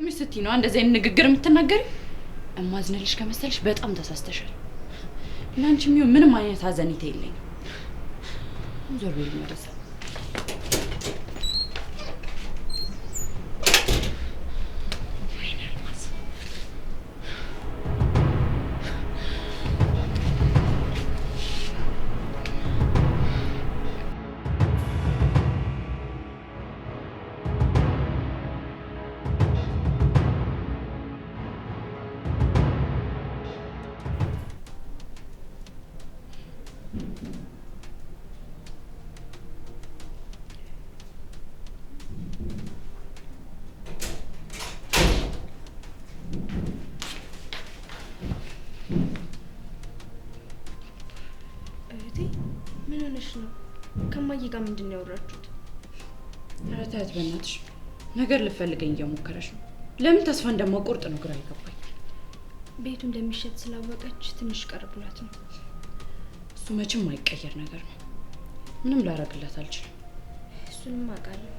ጥቅምሽ ስትይ ነው እንደዚህ አይነት ንግግር የምትናገሪ? እማዝንልሽ ከመሰልሽ በጣም ተሳስተሻል። ለአንቺ የሚሆን ምንም አይነት ሀዘኔታ የለኝም። ዞር በይልኝ ወደዛ ምንሽ ነው? ከማዬ ጋር ምንድን ነው ያወራችሁት? ኧረ ተያት በእናትሽ። ነገር ልፈልገኝ እየሞከረች ነው። ለምን ተስፋ እንደማቆርጥ ነው ግራ ይገባኝ። ቤቱ እንደሚሸጥ ስላወቀች ትንሽ ቀርብላት ነው። እሱ መቼም ማይቀየር ነገር ነው። ምንም ላረግላት አልችልም። እሱንም አውቃለሁ።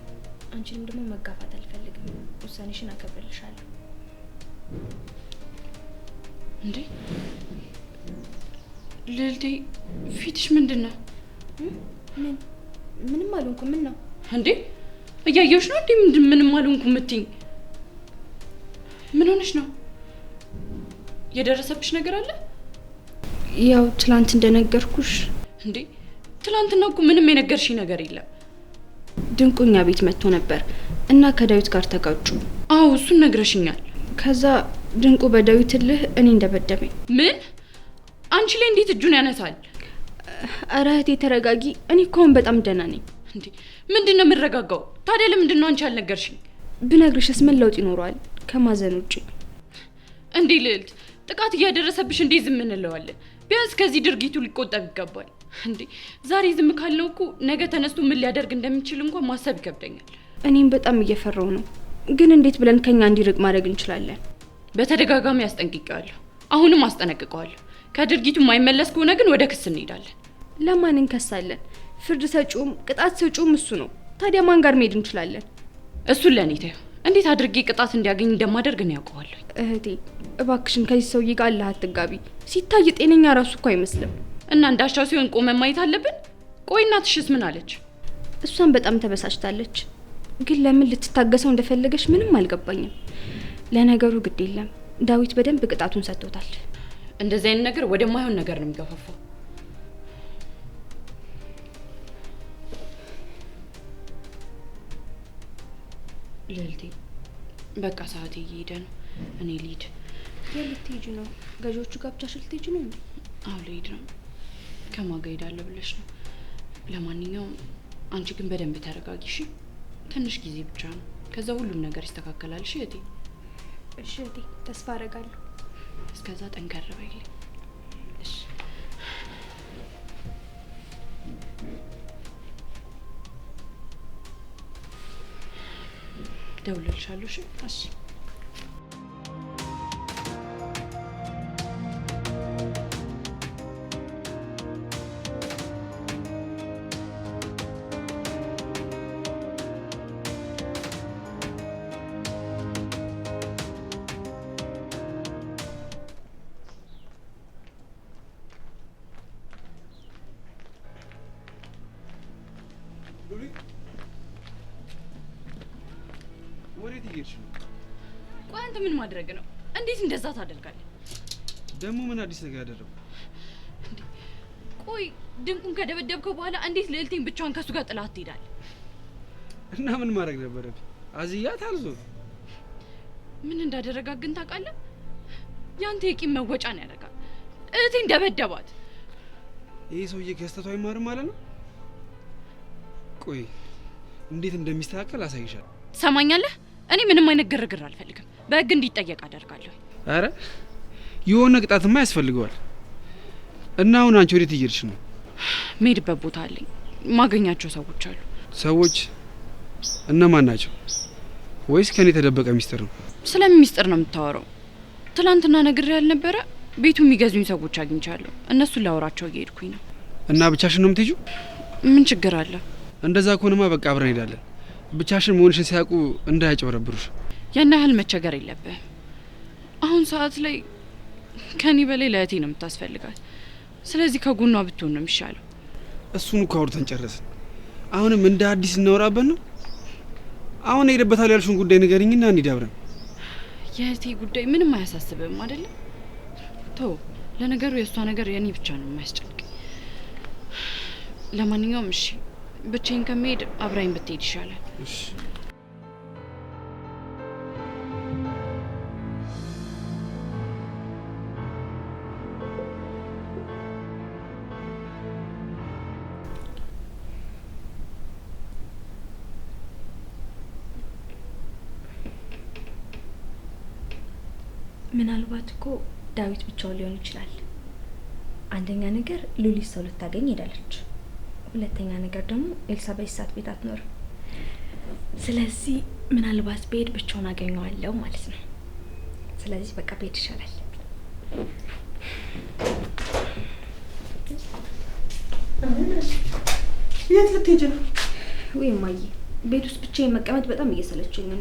አንቺንም ደግሞ መጋፋት አልፈልግም። ውሳኔሽን አከብርልሻለሁ። እንዴ ልልዴ፣ ፊትሽ ምንድን ነው? ምን ምንም አልሆንኩም። ምን ነው እንዴ? እያየሁሽ ነው እንዴ? ምንድን ምንም ምን ሆነሽ ነው? የደረሰብሽ ነገር አለ? ያው ትላንት እንደነገርኩሽ። እንዴ ትላንትና እኮ ምንም የነገርሽኝ ነገር የለም። ድንቁኛ ቤት መጥቶ ነበር እና ከዳዊት ጋር ተጋጩ። አዎ እሱን ነግረሽኛል። ከዛ ድንቁ በዳዊት እልህ እኔ እንደበደበኝ። ምን አንቺ ላይ እንዴት እጁን ያነሳል? ኧረ እህቴ ተረጋጊ። እኔ እኮ አሁን በጣም ደህና ነኝ። እንዴ ምንድን ነው የምረጋጋው? ታዲያ ለምንድን ነው አንቺ አልነገርሽኝ? ብነግርሽስ ምን ለውጥ ይኖረዋል? ከማዘን ውጭ እንዴ ልዕልት፣ ጥቃት እያደረሰብሽ እንዴ ዝም እንለዋለን? ቢያንስ ከዚህ ድርጊቱ ሊቆጠብ ይገባል። እንዴ ዛሬ ዝም ካልነው እኮ ነገ ተነስቶ ምን ሊያደርግ እንደሚችል እንኳን ማሰብ ይከብደኛል። እኔም በጣም እየፈራው ነው፣ ግን እንዴት ብለን ከኛ እንዲርቅ ማድረግ እንችላለን? በተደጋጋሚ አስጠንቅቄዋለሁ፣ አሁንም አስጠነቅቀዋለሁ። ከድርጊቱ የማይመለስ ከሆነ ግን ወደ ክስ እንሄዳለን። ለማን እንከሳለን? ፍርድ ሰጪውም ቅጣት ሰጪውም እሱ ነው። ታዲያ ማን ጋር መሄድ እንችላለን? እሱን ለእኔ ተይው። እንዴት አድርጌ ቅጣት እንዲያገኝ እንደማደርግ ነው ያውቀዋለሁ። እህቴ እባክሽን ከዚህ ሰውዬ ጋር አላህ አትጋቢ። ሲታይ ጤነኛ ራሱ እኮ አይመስልም። እና እንዳሻው ሲሆን ቆመ ማየት አለብን? ቆይ እናትሽስ ምን አለች? እሷን በጣም ተበሳጭታለች፣ ግን ለምን ልትታገሰው እንደፈለገች ምንም አልገባኝም። ለነገሩ ግድ የለም ዳዊት በደንብ ቅጣቱን ሰጥቶታል። እንደዚህ አይነት ነገር ወደማይሆን ነገር ነው የሚገፋፋው። ልልቴ በቃ ሰዓት እየሄደ ነው። እኔ ልሂድ። የልትሄጂ ነው? ገዢዎቹ ጋብቻሽን ልትሄጂ ነው? አሁ ልሄድ ነው። ከማን ጋር ሄዳለሁ ብለሽ ነው? ለማንኛውም አንቺ ግን በደንብ ተረጋጊ እሺ። ትንሽ ጊዜ ብቻ ነው፣ ከዛ ሁሉም ነገር ይስተካከላል። እሺ እህቴ። እሺ እህቴ፣ ተስፋ አደርጋለሁ። እስከዛ ጠንከር በይልኝ። ደውልልሻለሁ። እሺ እሺ። Louis ቤት እየሄድሽ ነው? ቆይ አንተ ምን ማድረግ ነው? እንዴት እንደዛ ታደርጋለህ? ደግሞ ምን አዲስ ነገር ያደረጉ? ቆይ ድንቁን ከደበደብከው በኋላ እንዴት ልዕልቴን ብቻዋን ከእሱ ጋር ጥላት ትሄዳለህ? እና ምን ማድረግ ነበረብኝ? አዝያት አልዞ ምን እንዳደረጋት ግን ታውቃለህ? ያንተ የቂም መወጫ ነው ያደርጋል። እህቴን ደበደባት። ይህ ሰውዬ ከስተቱ አይማርም ማለት ነው። ቆይ እንዴት እንደሚስተካከል አሳይሻለሁ። ትሰማኛለህ? እኔ ምንም አይነት ግርግር አልፈልግም። በህግ እንዲጠየቅ አደርጋለሁ። አረ የሆነ ቅጣትማ ያስፈልገዋል። እና አሁን አንቺ ወዴት እየሄድሽ ነው? መሄድበት ቦታ አለኝ። ማገኛቸው ሰዎች አሉ። ሰዎች እነማን ናቸው? ወይስ ከኔ የተደበቀ ሚስጥር ነው? ስለምን ሚስጥር ነው የምታወራው? ትላንትና ነግር ያልነበረ ቤቱ የሚገዙኝ ሰዎች አግኝቻለሁ። እነሱን ላወራቸው እየሄድኩኝ ነው። እና ብቻሽን ነው የምትሄጂው? ምን ችግር አለ? እንደዛ ከሆነማ በቃ አብረን ሄዳለን። ብቻሽን መሆንሽን ሲያውቁ እንዳያጭበረብሩሽ። ያን ያህል መቸገር የለብህም። አሁን ሰዓት ላይ ከኔ በላይ ለእህቴ ነው የምታስፈልጋት። ስለዚህ ከጎኗ ብትሆን ነው የሚሻለው። እሱን እኮ አውርተን ጨረስን። አሁንም እንደ አዲስ እናወራበት ነው። አሁን ሄደበታል ያልሽውን ጉዳይ ንገሪኝና እንዲዳብረን። የእህቴ ጉዳይ ምንም አያሳስብም አይደለም? ተው። ለነገሩ የእሷ ነገር የእኔ ብቻ ነው የማያስጨንቅ። ለማንኛውም እሺ ብቻዬን ከመሄድ አብራኝ ብትሄድ ይሻላል። ምናልባት እኮ ዳዊት ብቻው ሊሆን ይችላል። አንደኛ ነገር ሉሊት ሰው ልታገኝ ሄዳለች። ሁለተኛ ነገር ደግሞ ኤልሳ በዚህ ሰዓት ቤት አትኖርም። ስለዚህ ምናልባት ብሄድ ብቻውን አገኘዋለሁ ማለት ነው። ስለዚህ በቃ ብሄድ ይሻላል። የት ልትሄጂ ነው? ወይ እማዬ፣ ቤት ውስጥ ብቻዬን መቀመጥ በጣም እየሰለችኝ ነው።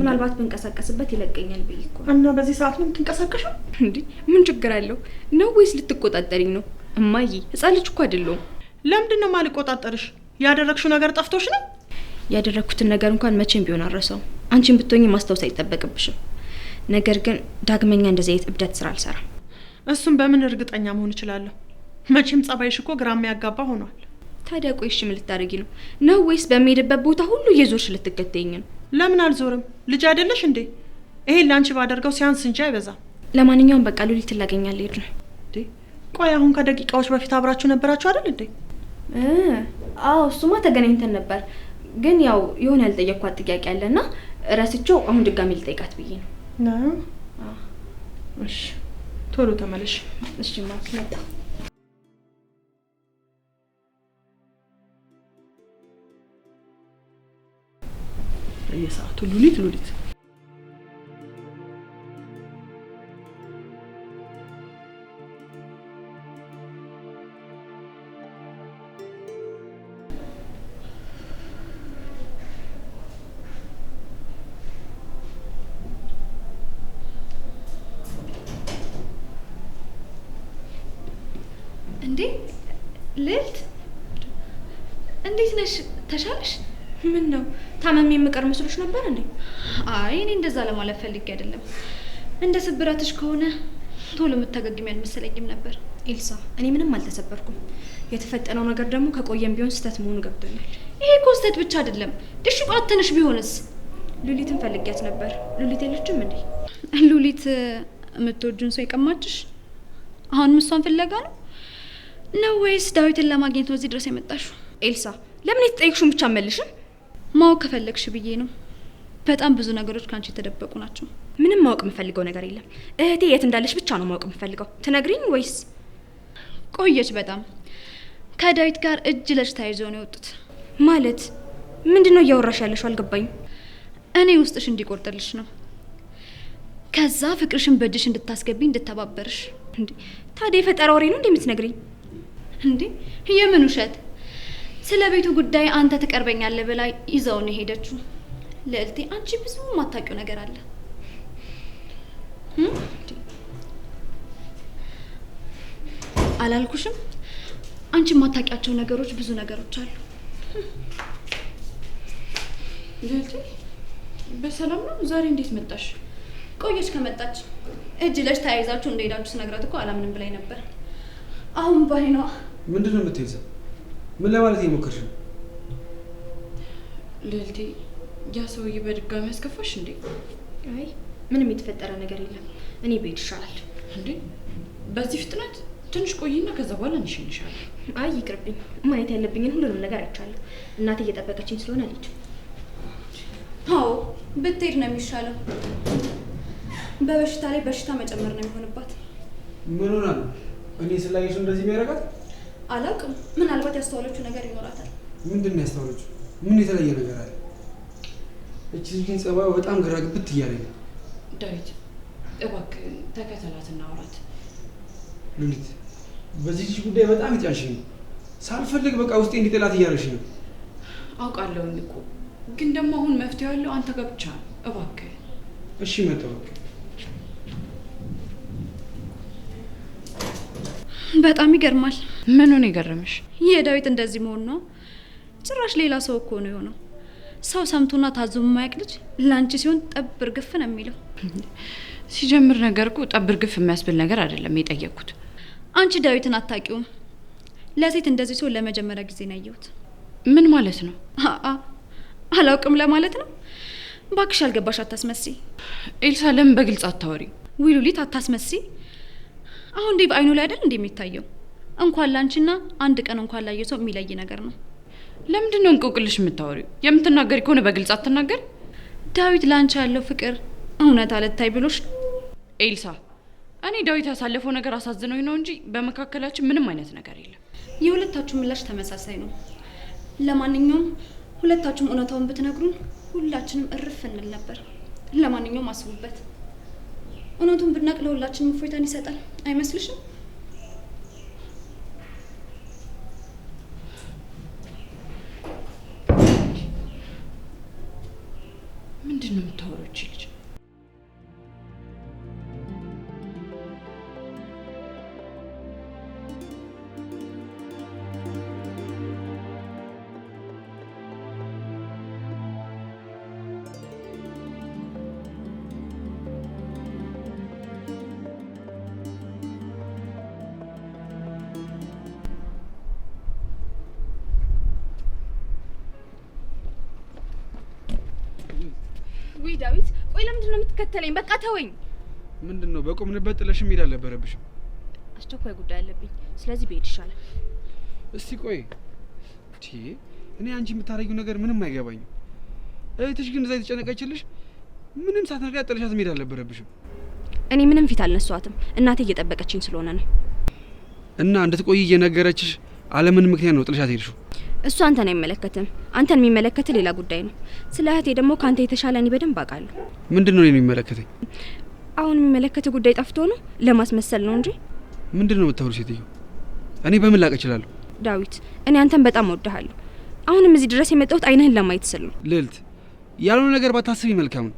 ምናልባት ብንቀሳቀስበት ይለቀኛል ብዬ እኮ እና በዚህ ሰዓት ነው የምትንቀሳቀሸው? እንዲህ ምን ችግር አለው ነው ወይስ ልትቆጣጠሪኝ ነው? እማዬ፣ ህፃን ልጅ እኮ አይደለሁም ለምንድን ነው ማልቆጣጠርሽ? ያደረግሽው ነገር ጠፍቶሽ ነው? ያደረግኩትን ነገር እንኳን መቼም ቢሆን አረሰው። አንቺን ብትሆኝ ማስታወስ አይጠበቅብሽም። ነገር ግን ዳግመኛ እንደዚህ አይነት እብደት ስራ አልሰራም። እሱም በምን እርግጠኛ መሆን እችላለሁ? መቼም ጸባይሽ እኮ ግራ የሚያጋባ ሆኗል። ታዲያ ቆይ እሺ ምን ልታደርጊ ነው? ነው ወይስ በሚሄድበት ቦታ ሁሉ እየዞርሽ ልትከተይኝ ነው? ለምን አልዞርም? ልጅ አይደለሽ እንዴ? ይሄን ለአንቺ ባደርገው ሲያንስ እንጂ አይበዛም። ለማንኛውም በቃ ሉሊት ላገኛል ልሄድ ነው። ቆይ አሁን ከደቂቃዎች በፊት አብራችሁ ነበራችሁ አይደል እንዴ? አዎ እሱማ ተገናኝተን ነበር፣ ግን ያው የሆነ ያልጠየቅኳት ጥያቄ እና እረስቼው አሁን ድጋሚ ልጠይቃት ብዬ ነው። እሺ ቶሎ ተመለሽ። እሺ ማለት በየሰዓቱ ሉሊት ሉሊት የምቀር መስሎች ነበር እንዴ? አይ እኔ እንደዛ ለማለት ፈልጌ አይደለም። እንደ ስብራትሽ ከሆነ ቶሎ የምታገግሚ አልመሰለኝም ነበር። ኤልሳ፣ እኔ ምንም አልተሰበርኩም። የተፈጠነው ነገር ደግሞ ከቆየም ቢሆን ስህተት መሆኑ ገብቶኛል። ይሄ እኮ ስህተት ብቻ አይደለም። ድሽቋት ትንሽ ቢሆንስ? ሉሊትን ፈልጊያት ነበር። ሉሊት የለችም እንዴ? ሉሊት የምትወጁን ሰው የቀማችሽ አሁንም እሷን ፍለጋ ነው ነው ወይስ ዳዊትን ለማግኘት ነው እዚህ ድረስ የመጣሽው? ኤልሳ ለምን የተጠየቅሽውን ብቻ አመልሽም? ማወቅ ከፈለግሽ ብዬ ነው። በጣም ብዙ ነገሮች ከአንቺ የተደበቁ ናቸው። ምንም ማወቅ የምፈልገው ነገር የለም። እህቴ የት እንዳለች ብቻ ነው ማወቅ የምፈልገው። ትነግሪኝ ወይስ? ቆየች በጣም ከዳዊት ጋር እጅ ለእጅ ተያይዘው ነው የወጡት። ማለት ምንድን ነው እያወራሽ ያለሽው? አልገባኝ። እኔ ውስጥሽ እንዲቆርጥልሽ ነው። ከዛ ፍቅርሽን በእጅሽ እንድታስገቢ እንድተባበርሽ። እንዴ ታዲያ የፈጠራ ወሬ ነው እንዴ የምትነግሪኝ? እንዴ የምን ውሸት ስለ ቤቱ ጉዳይ አንተ ትቀርበኛለህ ብላ ይዘውን ነው የሄደችው። ልዕልቴ አንቺ ብዙ የማታውቂው ነገር አለ። አላልኩሽም? አንቺ የማታውቂያቸው ነገሮች ብዙ ነገሮች አሉ። ልዕልቴ በሰላም ነው? ዛሬ እንዴት መጣሽ? ቆየች ከመጣች እጅ ለሽ ተያይዛችሁ እንደሄዳችሁ ስነግራት እኮ አላምንም ብላኝ ነበር። አሁን ባይኗ ምንድን ነው የምትይዘው? ምን ለማለት የሞከርሽ ነው ልዕልቴ? ያ ሰውዬ በድጋሚ ያስከፋሽ እንዴ? አይ ምንም የተፈጠረ ነገር የለም። እኔ ብሄድ ይሻላል። እንዴ በዚህ ፍጥነት? ትንሽ ቆይና ከዛ በኋላ እንሸኝሻለን። አይ ይቅርብኝ፣ ማየት ያለብኝን ሁሉንም ነገር አይቻለሁ። እናቴ እየጠበቀችኝ ስለሆነ ልጅ አዎ ብትሄድ ነው የሚሻለው። በበሽታ ላይ በሽታ መጨመር ነው የሚሆንባት። ምን ሆና ነው እኔ ስላየሽ እንደዚህ የሚያደርጋት? አላውቅም። ምናልባት ያስተዋለችው ነገር ይኖራታል። ምንድን ነው ያስተዋለችው? ምን የተለየ ነገር አለ? እቺ ልጅን ጸባዩ በጣም ግራ ግብት እያለኝ ነው። ዳዊት እባክህ ተከተላት እናውራት። ሉሊት፣ በዚህ ልጅ ጉዳይ በጣም ይጫንሽኝ ነው። ሳልፈልግ በቃ ውስጤ እንዲጥላት እያለሽ ነው። አውቃለሁኝ እኮ ግን ደግሞ አሁን መፍትሄ ያለው አንተ ጋር ብቻ ነው። እባክህ እሺ፣ መጣሁ በቃ በጣም ይገርማል። ምኑን ይገርምሽ? ይህ ዳዊት እንደዚህ መሆን ነው? ጭራሽ ሌላ ሰው እኮ ነው የሆነው። ሰው ሰምቶና ታዞ የማያውቅ ልጅ ለአንቺ ሲሆን ጠብር ግፍ ነው የሚለው። ሲጀምር ነገር እኮ ጠብር ግፍ የሚያስብል ነገር አይደለም የጠየቅኩት። አንቺ ዳዊትን አታውቂውም። ለሴት እንደዚህ ሰው ለመጀመሪያ ጊዜ ነው ያየሁት። ምን ማለት ነው? አላውቅም ለማለት ነው። ባክሽ አልገባሽ አታስመሲ። ኤልሳ ለምን በግልጽ አታወሪ? ዊ አታስመሲ። አሁን እንዲህ በአይኑ ላይ አይደል እንዲህ የሚታየው እንኳን ላንቺና አንድ ቀን እንኳን ላየ ሰው የሚለይ ነገር ነው። ለምንድን ነው እንቆቅልሽ የምታወሪው? የምትናገሪ ከሆነ በግልጽ አትናገር። ዳዊት ላንቺ ያለው ፍቅር እውነት አለታይ ብሎሽ ኤልሳ፣ እኔ ዳዊት ያሳለፈው ነገር አሳዝኖኝ ነው እንጂ በመካከላችን ምንም አይነት ነገር የለም። የሁለታችሁ ምላሽ ተመሳሳይ ነው። ለማንኛውም ሁለታችሁም እውነታውን ብትነግሩን ሁላችንም እርፍ እንል ነበር። ለማንኛውም አስቡበት። እውነቱን ብናቅ ለሁላችንም እፎይታን ይሰጣል አይመስልሽም? አትለኝ። በቃ ተወኝ። ምንድን ነው በቆምንበት ጥለሽ መሄድ አልነበረብሽም። አስቸኳይ ጉዳይ አለብኝ፣ ስለዚህ ብሄድ ይሻላል። እስቲ ቆይ እኔ አንቺ የምታረጊው ነገር ምንም አይገባኝም። እህትሽ ግን እዛ የተጨነቀችልሽ ምንም ሳትነግሪያት ጥለሻት መሄድ አልነበረብሽም። እኔ ምንም ፊት አልነሷትም፣ እናቴ እየጠበቀችኝ ስለሆነ ነው። እና እንድትቆይ እየነገረችሽ አለምን ምክንያት ነው ጥለሻት ሄድሽው? እሱ አንተን አይመለከትም። አንተን የሚመለከት ሌላ ጉዳይ ነው። ስለ እህቴ ደግሞ ከአንተ የተሻለ እኔ በደንብ አውቃለሁ። ምንድን ነው የሚመለከተኝ? አሁን የሚመለከት ጉዳይ ጠፍቶ ነው? ለማስመሰል ነው እንጂ። ምንድን ነው የምታወሩ ሴትዮ? እኔ በምን ላቅ እችላለሁ? ዳዊት፣ እኔ አንተን በጣም ወድሃለሁ። አሁንም እዚህ ድረስ የመጣሁት አይንህን ለማየት ስል ነው። ልልት ያልሆነ ነገር ባታስብ መልካም ነው።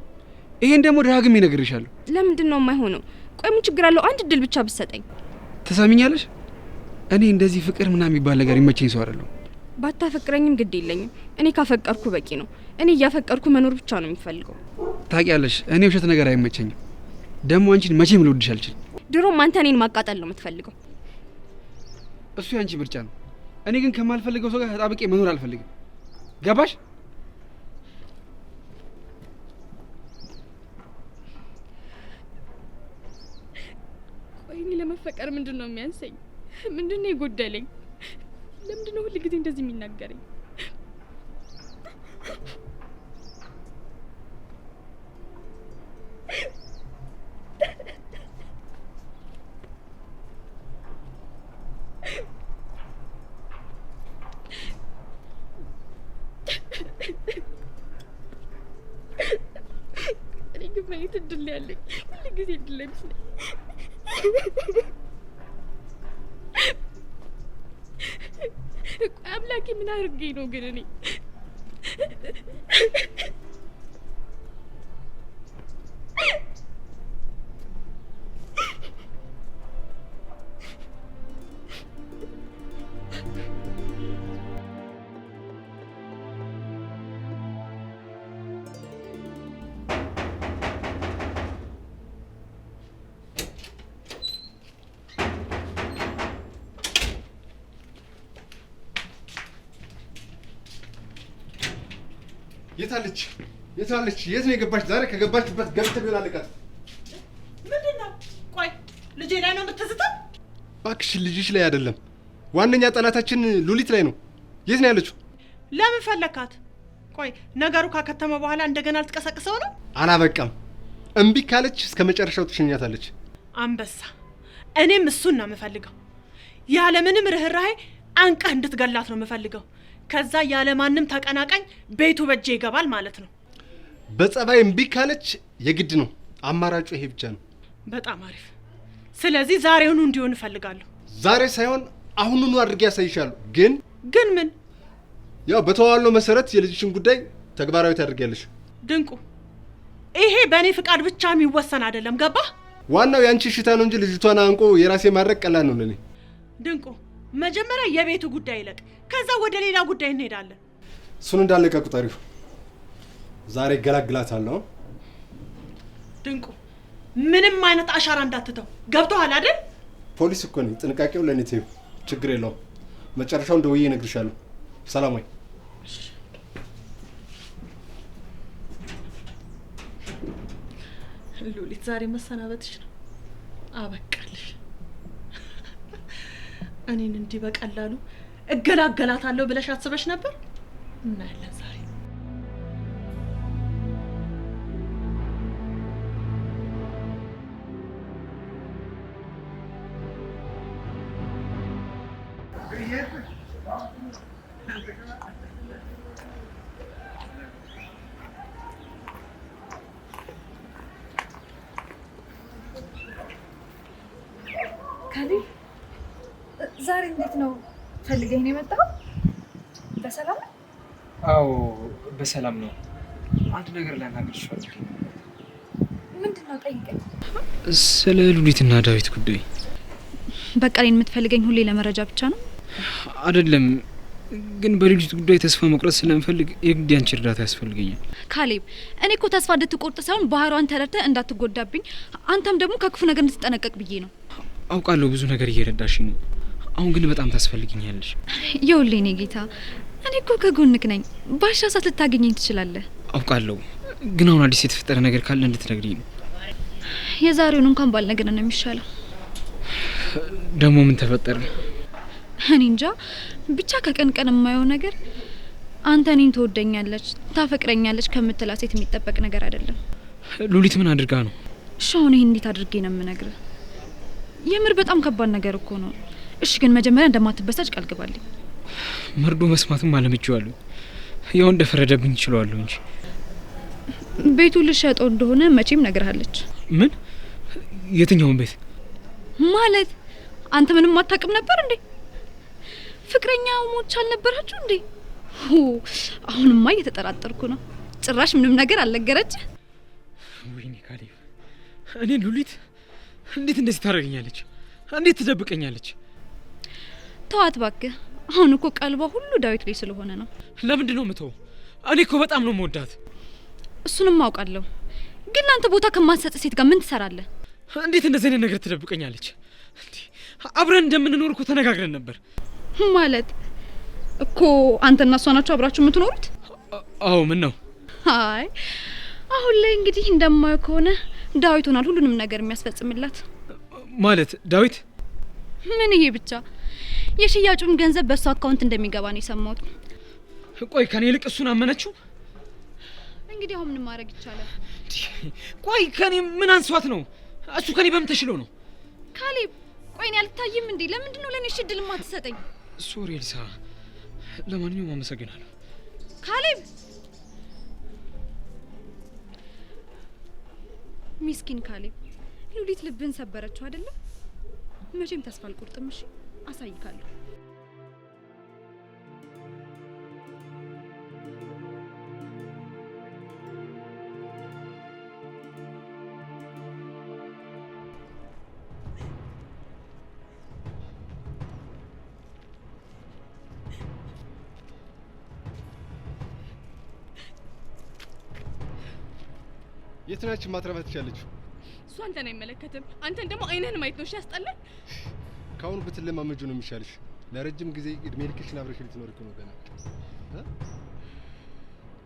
ይሄን ደግሞ ደጋግሜ እነግርሻለሁ። ለምንድን ነው የማይሆነው? ቆይ ምን ችግር አለው? አንድ እድል ብቻ ብትሰጠኝ። ትሰሚኛለሽ? እኔ እንደዚህ ፍቅር ምናምን የሚባል ነገር ይመቸኝ ሰው አይደለሁም። ባታፈቅረኝም ግድ የለኝም። እኔ ካፈቀርኩ በቂ ነው። እኔ እያፈቀርኩ መኖር ብቻ ነው የሚፈልገው። ታውቂያለሽ፣ እኔ ውሸት ነገር አይመቸኝም። ደግሞ አንቺን መቼም ልውድሽ አልችልም። ድሮም አንተ እኔን ማቃጠል ነው የምትፈልገው። እሱ የአንቺ ምርጫ ነው። እኔ ግን ከማልፈልገው ሰው ጋር ተጣብቄ መኖር አልፈልግም። ገባሽ? ቆይ እኔ ለመፈቀር ምንድን ነው የሚያንሰኝ? ምንድን ነው የጎደለኝ? ለምንድነው ሁል ጊዜ እንደዚህ የሚናገረኝ? እኔ ግን ማየት እድል ያለኝ ሁል ጊዜ እድል لكن من هرقين وقرني የታለች? የታለች? የት ነው የገባች? ዛሬ ከገባችበት ገብተ ቢሆን አለቃት። ምንድን ነው? ቆይ ልጄ ላይ ነው የምትዝተው? እባክሽ ልጅሽ ላይ አይደለም። ዋነኛ ጠላታችን ሉሊት ላይ ነው። የት ነው ያለችው? ለምን ፈለካት? ቆይ ነገሩ ካከተመ በኋላ እንደገና ልትቀሰቅሰው ነው? አላበቃም። እምቢ ካለች እስከ መጨረሻው ትሸኛታለች። አንበሳ፣ እኔም እሱን ነው የምፈልገው። ያለምንም ርኅራሄ አንቀህ እንድትገላት ነው የምፈልገው። ከዛ ያለማንም ተቀናቃኝ ቤቱ በእጄ ይገባል ማለት ነው። በጸባይ እምቢ ካለች የግድ ነው። አማራጩ ይሄ ብቻ ነው። በጣም አሪፍ። ስለዚህ ዛሬውኑ እንዲሆን እፈልጋለሁ። ዛሬ ሳይሆን አሁኑኑ አድርጌ ያሳይሻለሁ። ግን ግን ምን ያው በተዋዋለው መሰረት የልጅሽን ጉዳይ ተግባራዊ ታደርጊያለሽ። ድንቁ፣ ይሄ በእኔ ፍቃድ ብቻ የሚወሰን አይደለም። ገባ ዋናው የአንቺ ሽታ ነው እንጂ ልጅቷን አንቆ የራሴ ማድረግ ቀላል ነው ለኔ። ድንቁ መጀመሪያ የቤቱ ጉዳይ ይለቅ፣ ከዛ ወደ ሌላ ጉዳይ እንሄዳለን። እሱን እንዳለቀ ቁጠሪው። ዛሬ ገላግላታለሁ። ድንቁ ምንም አይነት አሻራ እንዳትተው ገብቶሃል አይደል? ፖሊስ እኮ ነኝ። ጥንቃቄው ለእኔ ትይው። ችግር የለውም። መጨረሻው እንደውዬ እነግርሻለሁ። ሰላም ወይ ሉሊት፣ ዛሬ መሰናበትሽ ነው። አበቃልሽ። እኔን እንዲህ በቀላሉ እገላገላታለሁ ብለሽ አስበሽ ነበር? እናያለን ዛሬ እንዴት ነው? ፈልገኝ ነው የመጣው? በሰላም አዎ፣ በሰላም ነው። አንድ ነገር ላናግርሽ ፈልግ። ምንድን ነው? ጠይቀኝ። ስለ ሉሊትና ዳዊት ጉዳይ። በቃ እኔን የምትፈልገኝ ሁሌ ለመረጃ ብቻ ነው? አይደለም ግን በልጅት ጉዳይ ተስፋ መቁረጥ ስለምፈልግ የግድ ያንቺ እርዳታ ያስፈልገኛል። ካሌብ እኔ እኮ ተስፋ እንድትቆርጥ ሳይሆን ባህሯን ተረድተህ እንዳትጎዳብኝ፣ አንተም ደግሞ ከክፉ ነገር እንድትጠነቀቅ ብዬ ነው። አውቃለሁ ብዙ ነገር እየረዳሽ ነው። አሁን ግን በጣም ታስፈልግኛለሽ። የውሌ የኔ ጌታ፣ እኔ እኮ ከጎንክ ነኝ። ባሻ ሰዓት ልታገኘኝ ትችላለህ። አውቃለሁ፣ ግን አሁን አዲስ የተፈጠረ ነገር ካለ እንድትነግሪኝ ነው። የዛሬውን እንኳን ባልነገር ነው የሚሻለው። ደግሞ ምን ተፈጠረ? እኔ እንጃ፣ ብቻ ከቀን ቀን የማየው ነገር አንተ እኔን ትወደኛለች ታፈቅረኛለች ከምትላ ሴት የሚጠበቅ ነገር አይደለም። ሉሊት ምን አድርጋ ነው? እሺ ይህ እንዴት አድርጌ ነው የምነግርህ? የምር በጣም ከባድ ነገር እኮ ነው። እሺ፣ ግን መጀመሪያ እንደማትበሳጭ ቃል ግባልኝ። መርዶ መስማትም አለምጄዋለሁ። ያው እንደፈረደብኝ እችላለሁ እንጂ ቤቱ ልሸጠው እንደሆነ መቼም ነግርሃለች። ምን? የትኛውን ቤት ማለት? አንተ ምንም አታውቅም ነበር እንዴ? ፍቅረኛ ሞች አልነበራችሁ እንዴ? አሁንማ እየተጠራጠርኩ ነው። ጭራሽ ምንም ነገር አልነገረች። ወይኔ ካሌብ፣ እኔ ሉሊት እንዴት እንደዚህ ታደርገኛለች? እንዴት ትደብቀኛለች? ተዋት ባክህ። አሁን እኮ ቀልቧ ሁሉ ዳዊት ላይ ስለሆነ ነው። ለምንድን ነው ምተው? እኔ እኮ በጣም ነው መወዳት። እሱንም አውቃለሁ፣ ግን አንተ ቦታ ከማትሰጥ ሴት ጋር ምን ትሰራለህ? እንዴት እንደዚህ አይነት ነገር ትደብቀኛለች? አብረን እንደምንኖር እኮ ተነጋግረን ነበር። ማለት እኮ አንተና እሷ ናቸው አብራችሁ የምትኖሩት? አዎ። ምን ነው? አይ አሁን ላይ እንግዲህ እንደማየው ከሆነ ዳዊት ሆናል ሁሉንም ነገር የሚያስፈጽምላት። ማለት ዳዊት ምን? ይሄ ብቻ የሽያጩም ገንዘብ በእሱ አካውንት እንደሚገባ ነው የሰማሁት። ቆይ ከኔ ይልቅ እሱን አመነችው። እንግዲህ አሁን ምን ማድረግ ይቻላል? ቆይ ከኔ ምን አንስዋት ነው? እሱ ከኔ በምን ተሽሎ ነው? ካሌብ ቆይ እኔ አልታይም እንዴ? ለምንድን ነው ለእኔ እድል ማትሰጠኝ? ሶሪ ኤልሳ፣ ለማንኛውም አመሰግናለሁ። ካሌብ ሚስኪን ካሌብ ሉሊት ልብን ሰበረችው አይደለም? መቼም ተስፋ አልቆርጥም። እሺ አሳይካለሁ። የትናችን ማትረባት ትችላለች። እሱ አንተን አይመለከትም። አንተን ደግሞ አይንህን ማየት ነው እሺ ከአሁኑ ብትለማመጁ ነው የሚሻልሽ። ለረጅም ጊዜ እድሜ ልክሽን አብረሽ ልትኖር ነው። ገና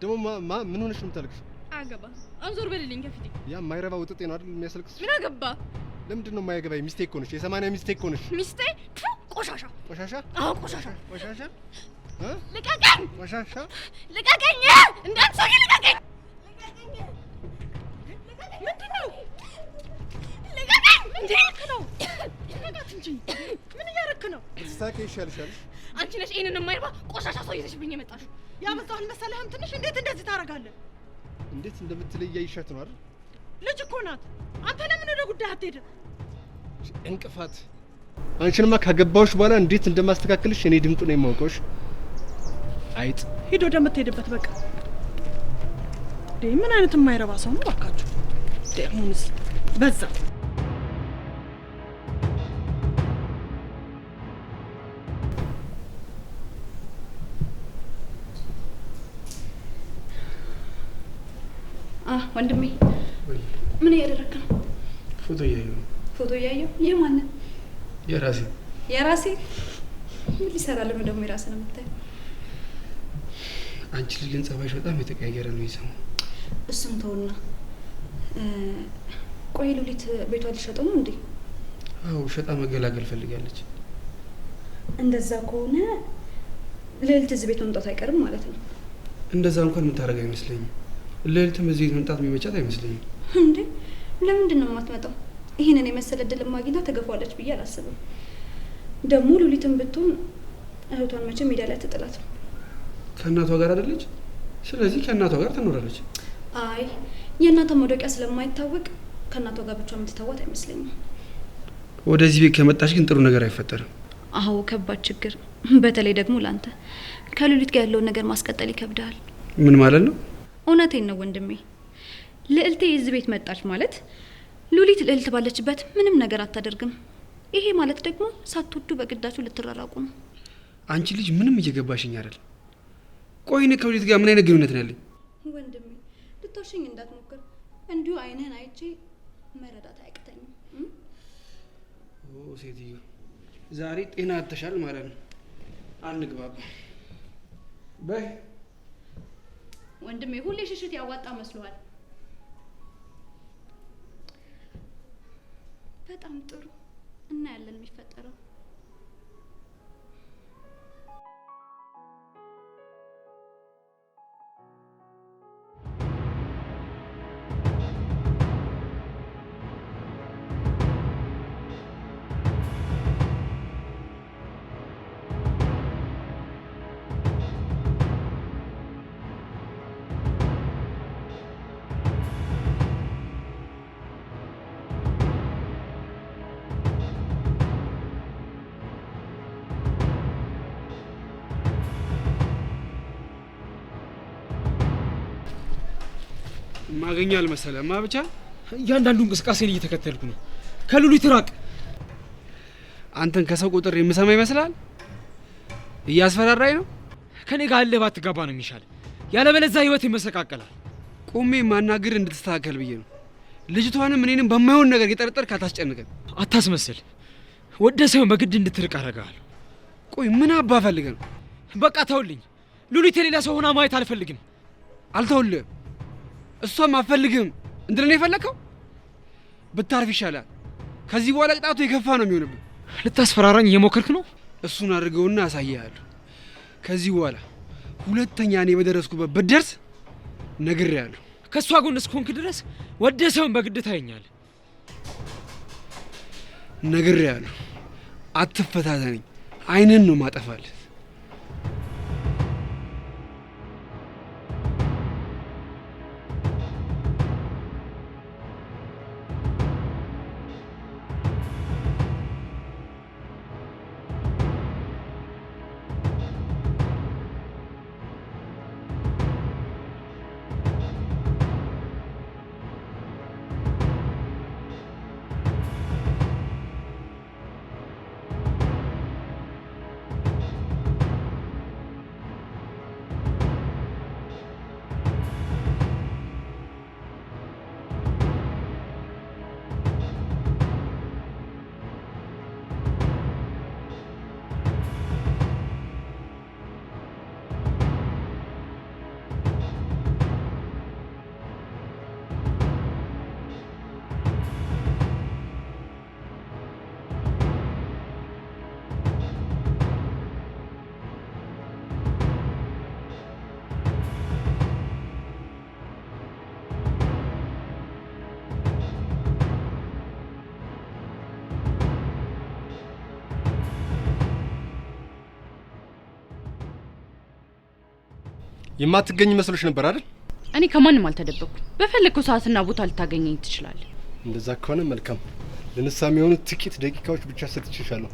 ደግሞ ምን ሆነሽ ነው የምታለቅሽው? አገባ አንዞር በልልኝ ከፊቴ። ያ ማይረባ ውጥጤ ነው አይደል የሚያስለቅስሽ? ምን አገባ? ለምንድን ነው የማይገባ? ሚስቴክ እኮ ነሽ፣ የሰማንያ ሚስቴክ እኮ ነሽ። ሚስቴ ቆሻሻ፣ ቆሻሻ፣ አዎ ቆሻሻ፣ ቆሻሻ። ልቀቀኝ! ቆሻሻ፣ ልቀቀኝ! እንዳትሰሪ፣ ልቀቀኝ! ልቀቀኝ! ምንድን ነው? ልቀቀኝ! ምንድን ነው እንጂ ምን እያደረክ ነው? ስታከ ይሻልሻል። አንቺ ነሽ ይሄንን የማይረባ ቆሻሻ ሰው ይዘሽብኝ የመጣሽ። ያመጣሁን መሰለህም? ትንሽ እንዴት እንደዚህ ታደርጋለህ? እንዴት እንደምትለይ እያይሻት ነው አይደል? ልጅ እኮ ናት። አንተ ለምን ወደ ጉዳይ አትሄድም? እንቅፋት አንቺንማ ካገባሁሽ በኋላ እንዴት እንደማስተካከልሽ እኔ ድምጡ ነው የማውቀውሽ። አይጥ ሂዶ ወደምትሄድበት በቃ። ምን አይነት የማይረባ ሰው ነው ባካችሁ! ደሙንስ በዛ ወንድሜ ምን እያደረግ ነው? ፎቶ እያየሁ ፎቶ እያየሁ? ይህ የራሴ የራሴ ምን ሊሰራልህ ነው ደግሞ ነው የምታየው? አንቺ ልጅ ግን ጸባይሽ በጣም የተቀያየረ ነው። ይዘው እሱም ተውና፣ ቆይ ሉሊት ቤቷ ሊሸጠው ነው እንዴ? አዎ ሸጣ መገላገል ፈልጋለች። እንደዛ ከሆነ ልዕልት እዚህ ቤት መምጣት አይቀርም ማለት ነው። እንደዛ እንኳን የምታደርግ አይመስለኝም። ለሊት እዚህ ቤት መምጣት የሚመቻት አይመስለኝም። እንዴ ለምንድን ነው የማትመጣው? ይህንን የመሰለ እድል ማግኘታ ተገፏለች ብዬ አላስብም። ደግሞ ሉሊትም ብትሆን እህቷን መቼ ሜዳ ላይ ትጥላት ከእናቷ ጋር አይደለች። ስለዚህ ከእናቷ ጋር ትኖራለች። አይ የእናቷ መውደቂያ ስለማይታወቅ ከእናቷ ጋር ብቻ የምትታወት አይመስለኝም። ወደዚህ ቤት ከመጣች ግን ጥሩ ነገር አይፈጠርም። አዎ ከባድ ችግር፣ በተለይ ደግሞ ላንተ ከሉሊት ጋር ያለውን ነገር ማስቀጠል ይከብዳል። ምን ማለት ነው? እውነቴን ነው ወንድሜ። ልዕልቴ እዚህ ቤት መጣች ማለት ሉሊት ልዕልት ባለችበት ምንም ነገር አታደርግም። ይሄ ማለት ደግሞ ሳትወዱ በግዳችሁ ልትራራቁ ነው። አንቺ ልጅ ምንም እየገባሽኝ አይደል? ቆይ እኔ ከሉሊት ጋር ምን አይነት ግንኙነት ነው ያለኝ? ወንድሜ ልታወሽኝ እንዳትሞክር። እንዲሁ አይንህን አይቼ መረዳት አያቅተኝም። ሴትዮ ዛሬ ጤና አተሻል ማለት ነው። አንግባባ በይ ወንድሜ ሁሌ ሽሽት ያዋጣ መስሏል። በጣም ጥሩ። እናያለን የሚፈጠረው ማገኛ አልመሰለማ። ብቻ እያንዳንዱ እንቅስቃሴን እየተከተልኩ ነው። ከሉሊት ራቅ። አንተን ከሰው ቁጥር የምሰማ ይመስላል። እያስፈራራኝ ነው። ከኔ ጋር አለ ባትጋባ ነው የሚሻል፣ ያለበለዚያ ህይወት ይመሰቃቀላል። ቆሜ ማናገር እንድትስተካከል ብዬ ነው። ልጅቷንም እኔንም በማይሆን ነገር የጠረጠርክ አታስጨንቀን፣ አታስመስል። ወደ ሰው በግድ እንድትርቅ አደርግሃለሁ። ቆይ ምን አባ ፈልገ ነው? በቃ ተውልኝ። ሉሊት የሌላ ሰው ሆና ማየት አልፈልግም። አልተውልህም እሷም አፈልግም እንድን ነው የፈለግከው? ብታርፍ ይሻላል። ከዚህ በኋላ ቅጣቱ የከፋ ነው የሚሆንብህ። ልታስፈራራኝ እየሞከርክ ነው? እሱን አድርገውና አሳያለሁ። ከዚህ በኋላ ሁለተኛ እኔ በደረስኩበት ብትደርስ ነግሬሃለሁ። ከእሷ ጎን እስከሆንክ ድረስ ወደ ሰውን በግድ ታየኛለህ። ነግሬሃለሁ። አትፈታተነኝ። አይንን ነው ማጠፋልህ። የማትገኝ መስሎሽ ነበር አይደል? እኔ ከማንም አልተደበቅኩ። በፈለግከው ሰዓትና ቦታ ልታገኘኝ ትችላለህ። እንደዛ ከሆነ መልካም። ለንሳ የሚሆኑ ጥቂት ደቂቃዎች ብቻ ሰጥቼሻለሁ።